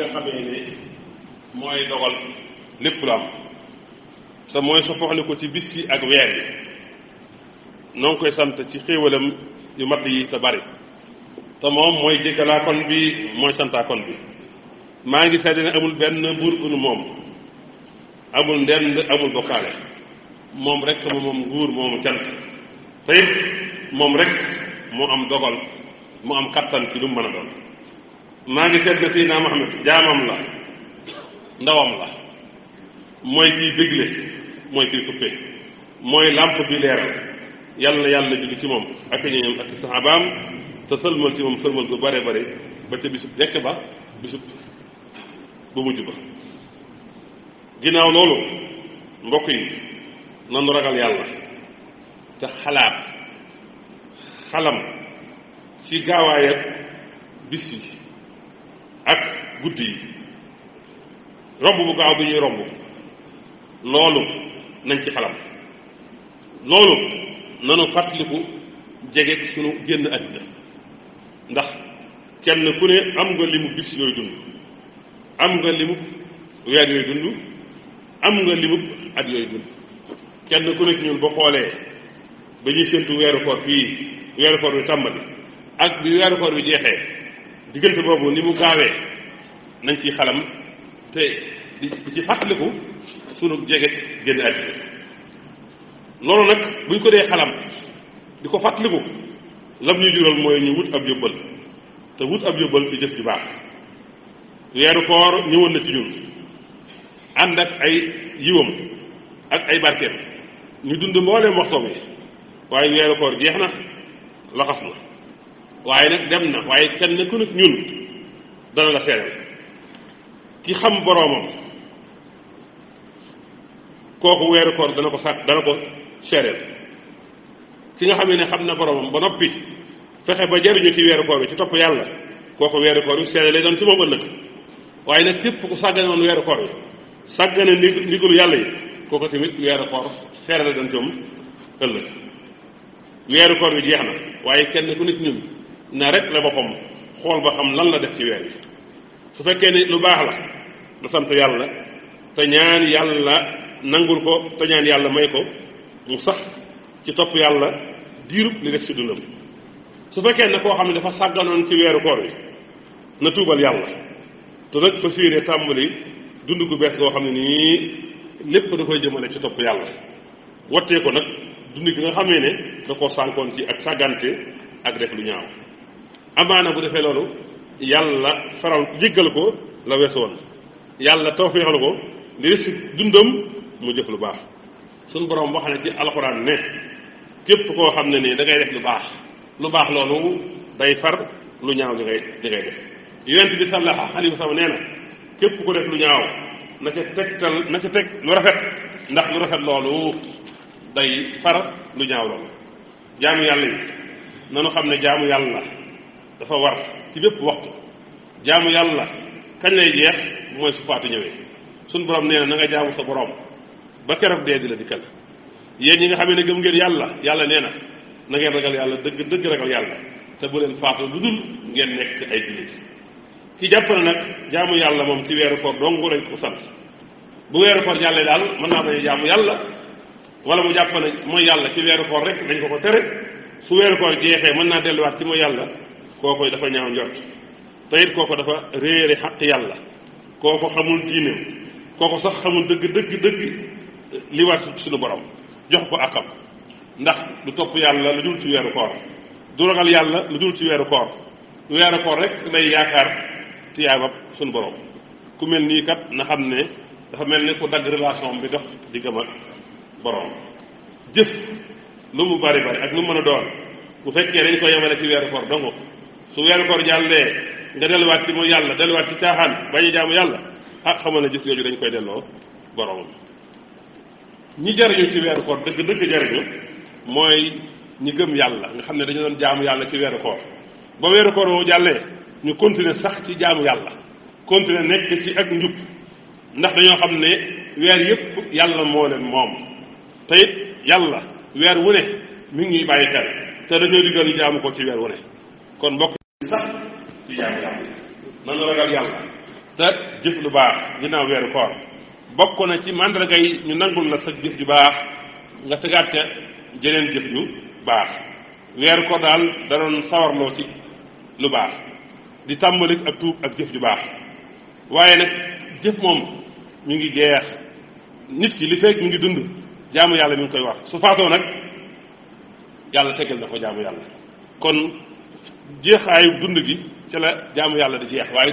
nga xamee ne mooy dogal lépp lu am te mooy soppali ko ci bis yi ak weer yi noo ngi koy sant ci xéewalam yu mat yi te bari te moom mooy jéggalaakoon bi mooy santaakon bi maa ngi seede ne amul benn buur ku nu moom amul ndend amul bokkaale moom rek ma moom nguur moomu cant te moom rek moo am dogal mu am kattan ci lu mu mën a doon maa ngi seet na Seydina Muhammad jaamam la ndawam la mooy kiy dégle mooy kiy suppee mooy làmp bi leeral yàlla na yàlla julli ci moom ak ñooñam ak ci saxaabaam te sëlmal ci moom sëlmal gu bare bare ba ca bisub jekk ba bisub bu mujj ba ginnaaw loolu mbokk yi nanu ragal yàlla te xalaat xalam ci gaawaayat bis yi guddi yi romb bu gaaw bi ñuy romb loolu nañ ci xalam loolu nanu fàttaliku jege sunu génn àddina ndax kenn ku ne am nga limu bis yooyu dund am nga limu weer yooyu dund am nga limu at yooyu dund kenn ku ne ci ñun boo xoolee ba ñuy séntu weeru koor fii weeru koor bi tàmbali ak bi weeru koor bi jeexee diggante boobu ni mu gaawee nañ ci xalam te di ci fàttaliku sunu jege génn àddina loolu nag buñ ko dee xalam di ko fàttaliku lam ñu jural mooy ñu wut ab yóbbal te wut ab yóbbal ci jëf ju baax weeru koor ñëwoon na ci ñun ànd ak ay yiwam ak ay barkeem ñu dund mbooleem waxtoom yi waaye weeru koor jeex na laxas na waaye nag dem na waaye kenn ku nekk ñun dana la seeral ci xam boroomam kooku weeru koor dana ko sàkk dana ko seereel ki nga xam ne xam na boroomam ba noppi fexe ba jariñu ci weeru koor bi ci topp yàlla kooku weeru koor bi seere lay doon ci moom ëllëg waaye nag képp ku sàggane woon weeru koor bi sàggane ndi ndigalu yàlla yi kooku tamit weeru koor seere la doon si moom ëllëg weeru koor bi jeex na waaye kenn ku nit ñun na rek la boppam xool ba xam lan la def ci weer bi su fekkee ne lu baax la na sant yàlla te ñaan yàlla nangul ko te yàlla may ko mu sax ci topp yàlla diirub li des ci dundam su fekkee ne koo xam ne dafa sàgganoon ci weeru koor wi na tuubal yàlla te nag fa siiree tàmbali dund ku bees goo xam ne nii lépp da koy jëmale ci topp yàlla wattee ko nag dund gi nga xamee ne da koo sànkoon ci ak sàggante ak def lu ñaaw amaana bu defee loolu yàlla faral jéggal ko la weesu woon yàlla tawféexal ko li des ci mu jëf lu baax suñu borom wax ne ci alxuraan ne képp koo xam ne nii dangay def lu baax lu baax loolu day far lu ñaaw li ngay li ngay nee képp ku lu ñaaw na ca lu rafet ndax lu rafet loolu day far lu ñaaw loolu jaamu yàlla yi nanu xam ne jaamu yàlla dafa war ci bépp waxtu jaamu yàlla kañ lay jeex mooy su faatu ñëwee suñ borom nee na na nga jaamu sa borom ba keroog dee di la dikkal yéen ñi nga xamee ne gëm ngeen yàlla yàlla nee na na ngeen ragal yàlla dëgg dëgg ragal yàlla te bu leen faatu lu dul ngeen nekk ay jullit ki jàpp na nag jaamu yàlla moom ci weeru koor dong lañ ko sant bu weeru koor jàllee daal mën naa bañ jaamu yàlla wala mu jàpp mooy yàlla ci weeru koor rek dañ ko ko tere su weeru koor jeexee mën naa delluwaat ci mooy yàlla kooku dafa ñaaw njort te it dafa réere xaq yàlla kooko xamul diine kooku sax xamul dëgg dëgg dëgg eh, li war suñu borom jox ko akam ndax du topp yàlla lu dul ci weeru koor du ragal yàlla lu dul ci weeru koor weeru koor rek lay yaakaar ci tiyaabab suñu borom ku mel nii kat na xam ne dafa mel ni ku dagg relation bi dox di gëm ak borom jëf lu mu bari bari ak lu mën a doon bu fekkee dañ ko yemale ci weeru koor dong su weeru koor jàllee nga delluwaat ci mooy yàlla delluwaat ci caaxaan bañ a jaamu yàlla ah xamal na gis yooyu dañ koy delloo boromam ñi jariñu ci weeru koor dëgg dëgg jariñu mooy ñi gëm yàlla nga xam ne dañu doon jaamu yàlla ci weeru koor ba weeru koor woo jàllee ñu continuer sax ci jaamu yàlla continuer nekk ci ak njub ndax dañoo xam ne weer yëpp yàlla moo leen moom te it yàlla weer wu ne mi ngi ñuy bàyyi xel te dañoo digal jaamu ko ci weer wu ne kon mbokk sax ci jaamu yàlla nanu ragal jëf lu baax ginnaaw weeru koor bokk na ci màndarga yi ñu nangul la sa jëf ju baax nga tegaat ca jeneen jëf ju baax weeru koor daal da doon sawarloo ci lu baax di tàmbali ak tuub ak jëf ju baax waaye nag jëf moom mi ngi jeex nit ki li fekk mi ngi dund jaamu yàlla mi ngi koy wax su faatoo nag yàlla tegal na ko jaamu yàlla kon jeexaayu dund gi ci la jaamu yàlla di jeex waaye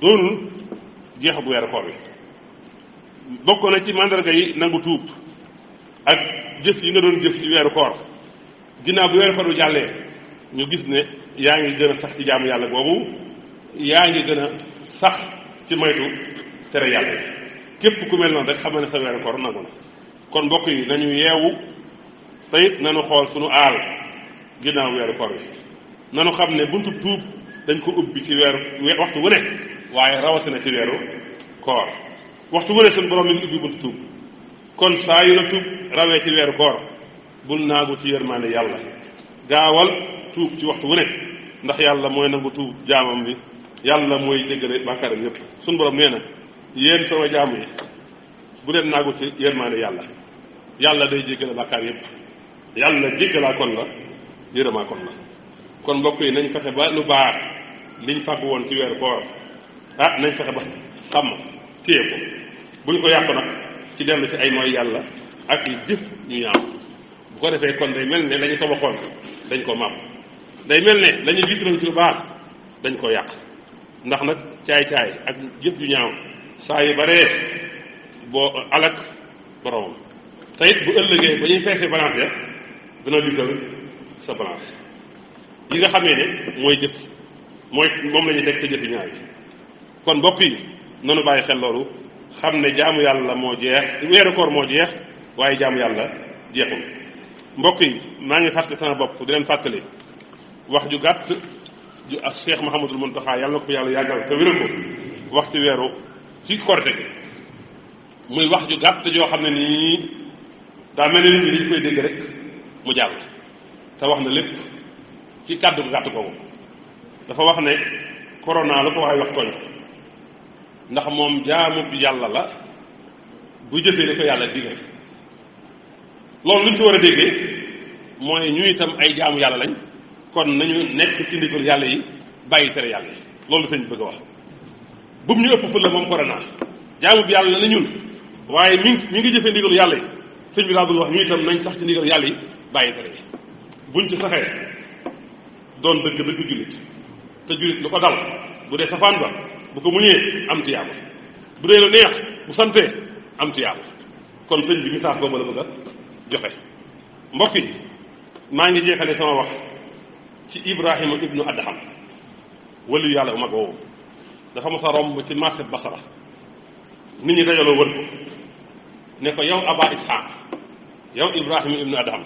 doonul jeexagu weeru koor wi bokk na ci mandarga yi nangu tuub ak jëf yi nga doon jëf ci weeru koor ginnaaw bu weeru koor bi jàllee ñu gis ne yaa ngi gën sax ci jàmm yàlla boobu yaa ngi gën sax ci moytu tere yàlla yi képp ku mel noonu rek xam ne sa weeru koor nangu na kon mbokk yi nañu yeewu te nañu xool sunu aal ginnaaw weeru koor wi nanu xam ne buntu tuub dañ ko ubbi ci weeru waxtu wu ne waaye rawatina ci weeru koor waxtu wu ne suñu borom mi ngi ubbi buntu tuub kon saa yu la tuub rawee ci weeru koor bul naagu ci yërmaande yàlla gaawal tuub ci waxtu wu ne ndax yàlla mooy nangu tuub jaamam bi yàlla mooy jéggale bàkkaaram yépp suñu borom nee na yéen sama jaamu yi bu leen naagu ci yërmaande yàlla yàlla day jéggale bàkkaar yépp yàlla jéggalaa la yërëmaa la kon mbokk yi nañ fexe ba lu baax liñ fàgg woon ci weer koor ah nañ fexe ba sàmm téye ko buñ ko yàqu nag ci dellu si ay mooy yàlla ak yi jëf ñu ñaaw bu ko defee kon day mel ne la ñu dañ ko màpp day mel ne la ñu jiitaloon ci lu baax dañ ko yàq ndax nag caay-caay ak jëf ju ñaaw saa yu bare boo alak boromam te it bu ëllëgee ba ñuy feesee balance ya dina sa balance yi nga xamee ne mooy jëf mooy moom la ñuy teg sa jëfi ñaaw kon mbokk yi noonu bàyyi xel loolu xam ne jaamu yàlla moo jeex weeru koor moo jeex waaye jaamu yàlla jeexul mbokk yi maa ngi fàtte sama bopp di leen fàttali wax ju gàtt ju ak Cheikh Mouhamadul Mountakha yàlla na ko yàlla yàggal te wéral ko wax ci weeru ci korite muy wax ju gàtt joo xam ne nii daal mel ne nit ñi dañ koy dégg rek mu jàll te wax na lépp ci kàddu gu gàtt googu dafa wax ne corona lu ko waaye wax tooñ ndax moom jaamu yàlla la bu jëfee li ko yàlla digal loolu lu ñu ci war a déggee mooy ñu itam ay jaamu yàlla lañ kon nañu nekk ci ndigal yàlla yi bàyyi tere yàlla yi loolu sëñ bëgg a wax bu ñu ëpp ful la moom corona jaamu bi yàlla la ñun waaye mi ngi ngi jëfee ndigal yàlla yi sëñ bi laa bëgg wax ñu itam nañ sax ci ndigal yàlla yi bàyyi tere yi buñ ci saxee doon dëgg dëgg jullit jullit lu ko dal bu dee safaan ba bu ko muñee am tiyaaba bu dee lu neex bu santee am tiyaaba kon sëñ bi misaaf boobu la bëgg joxe mbokk maa ngi jeexale sama wax ci Ibrahima ibnu Adham waliyu yàlla bu mag woowu dafa mos romb ci marché Basara nit ñi dajaloo wër ko ne ko yow Aba Ishaq yow Ibrahima ibnu Adham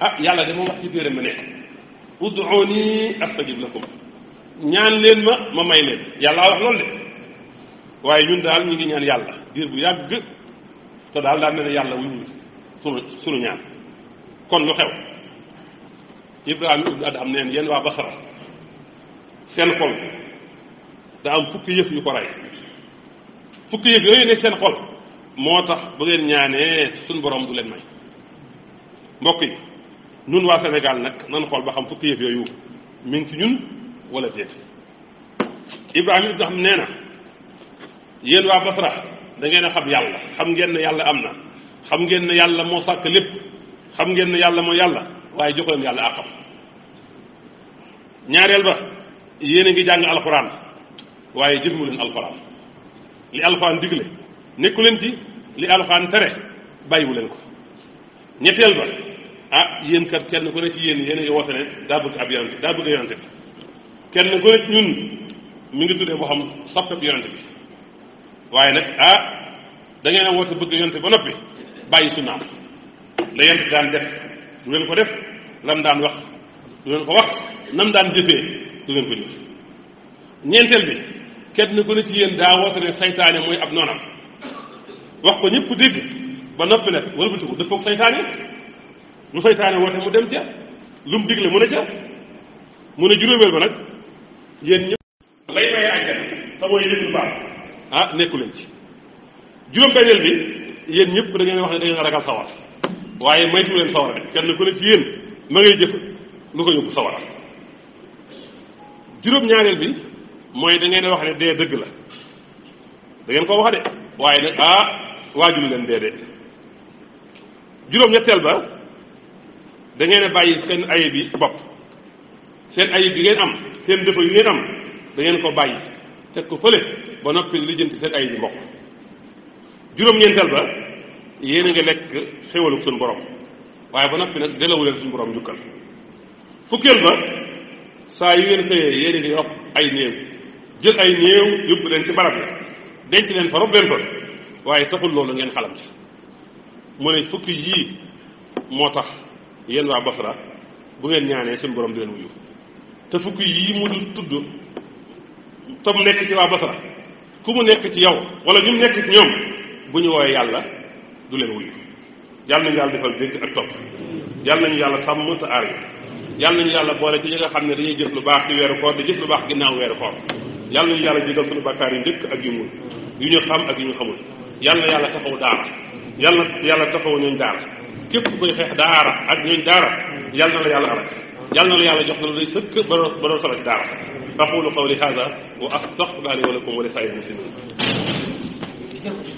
ah yàlla de ma wax ci téere ma ne ud'uni astajib lakum ñaan leen ma ma may leen yàlla wax loolu de waaye ñun daal ñu ngi ñaan yàlla diir bu yàgg te daal daa mel ne yàlla wuñu sunu sunu ñaan kon lu xew Ibrahima ibnu Adham neen yéen waa Basra seen xol da am fukki yëf yu ko rey fukki yëf yooyu ne seen xol moo tax bu leen ñaanee suñu borom du leen may mbokk yi nun waa Sénégal nag nan xool ba xam fukki yëf yooyu mi ngi ci ñun wala déet Ibrahima ibn Xam nee na yéen waa Basra da a xam yàlla xam ngeen ne yàlla am na xam ngeen ne yàlla moo sàkk lépp xam ngeen ne yàlla moo yàlla waaye jox leen yàlla àqam ñaareel ba yéen a ngi jàng alxuraan waaye jëmmu leen alxuraan li alxuraan digle nekku ci li alxuraan tere bàyyiwu leen ko ñetteel ba. ah yéen kat na ko ne ci yéen yéen a ngi woote ne daa bëgg ab yonent daa bëgg yonent bi kenn ku ne xam soppeeku yonent bi waaye nag ah, bëgg yonent ba noppi bàyyi sunnaam la yonent daan ko def lam daan wax du ko wax nam daan jëfee du ngeen ko jëf ñeenteel bi ne ci yéen daa woote ne saytaane mooy ab noonam wax ko ñëpp dégg ba noppi nag ko dëppoo ak saytaane lu saytaane woote mu dem ca lu mu digle mu ne ca mu ne juróomeel ba nag yéen ñëpp lay maye àjjana ah, bi yéen ñëpp da wax ne da ngeen sawar waaye maytu leen sawar de kenn ku ci yéen ma ngay jëf lu ko yóbbu sawar juróom-ñaareel bi mooy da wax ne dee dëgg la dangeen ngeen koo wax de waaye nag ah waajul leen dee de juróom-ñetteel ba da ngeen bàyyi seen ayib yi bopp seen ayib yi ngeen am seen défaut yi ngeen am da ko bàyyi teg ko fële ba noppi lijjanti seen ayib yi mbokk juróom-ñeenteel ba yéen a ngi lekk xéwalu suñu borom waaye ba noppi nag delawu leen suñu borom njukkal fukkeel ba saa yu ngeen xëyee yéen ngi yokk ay néew jël ay néew yóbbu leen ci barab la denc leen fa rob fa waaye taxul loolu ngeen xalam ci mu ne fukki yii moo tax yéen waa Basra bu ngeen ñaanee suñu borom di leen wuyu te fukk yii mu dul tudd te nekk ci waa Basra ku mu nekk ci yow wala ñu mu nekk ñoom bu ñu woowee yàlla du leen wuyu yàlla nañu yàlla defal dégg ak topp yàlla nañu yàlla sàmm te aar yàlla nañu yàlla boole ci ñi nga xam ne dañuy jëf lu baax ci weeru koor di jëf lu baax ginnaaw weeru koor yàlla nañu yàlla jégal suñu bakkaar yu njëkk ak yu mul yu ñu xam ak yu ñu xamul yàlla yàlla taxaw daara yàlla yàlla taxaw ñooñ daara képp kuy xeex daara ak ñooñ daara yal na la yàlla alak yal na la yàlla jox na la day sëkk ba doo ba doo salak daara aqulu qawli hada wa astaghfirullahi wa lakum wa li saa'iril muslimin